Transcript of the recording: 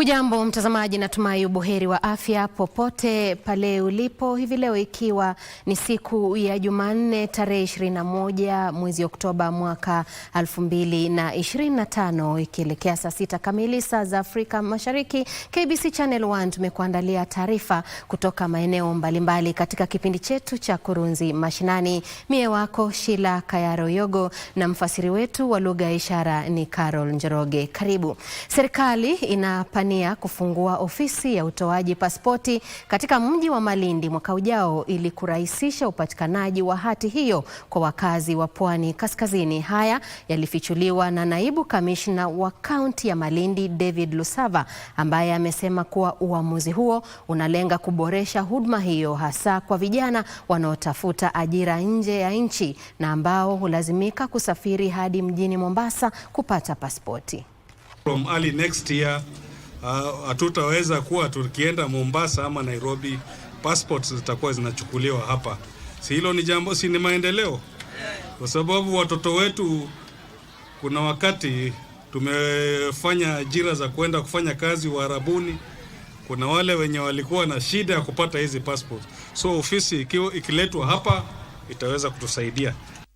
Hujambo mtazamaji, natumai ubuheri wa afya popote pale ulipo hivi leo, ikiwa ni siku ya Jumanne tarehe 21 mwezi Oktoba mwaka 2025, ikielekea saa sita kamili saa za Afrika Mashariki. KBC Channel 1 tumekuandalia taarifa kutoka maeneo mbalimbali katika kipindi chetu cha Kurunzi Mashinani. Mie wako Shila Kayaroyogo na mfasiri wetu wa lugha ya ishara ni Carol Njoroge. Karibu. Serikali ina Tanzania kufungua ofisi ya utoaji pasipoti katika mji wa Malindi mwaka ujao ili kurahisisha upatikanaji wa hati hiyo kwa wakazi wa Pwani Kaskazini. Haya yalifichuliwa na naibu kamishna wa kaunti ya Malindi David Lusava ambaye amesema kuwa uamuzi huo unalenga kuboresha huduma hiyo hasa kwa vijana wanaotafuta ajira nje ya nchi na ambao hulazimika kusafiri hadi mjini Mombasa kupata pasipoti. From early next year Ah, hatutaweza uh, kuwa tukienda Mombasa ama Nairobi, passports zitakuwa zinachukuliwa hapa. Si hilo ni jambo, si ni maendeleo? Kwa sababu watoto wetu kuna wakati tumefanya ajira za kwenda kufanya kazi Uarabuni, kuna wale wenye walikuwa na shida ya kupata hizi passport. So ofisi ikiletwa hapa itaweza kutusaidia.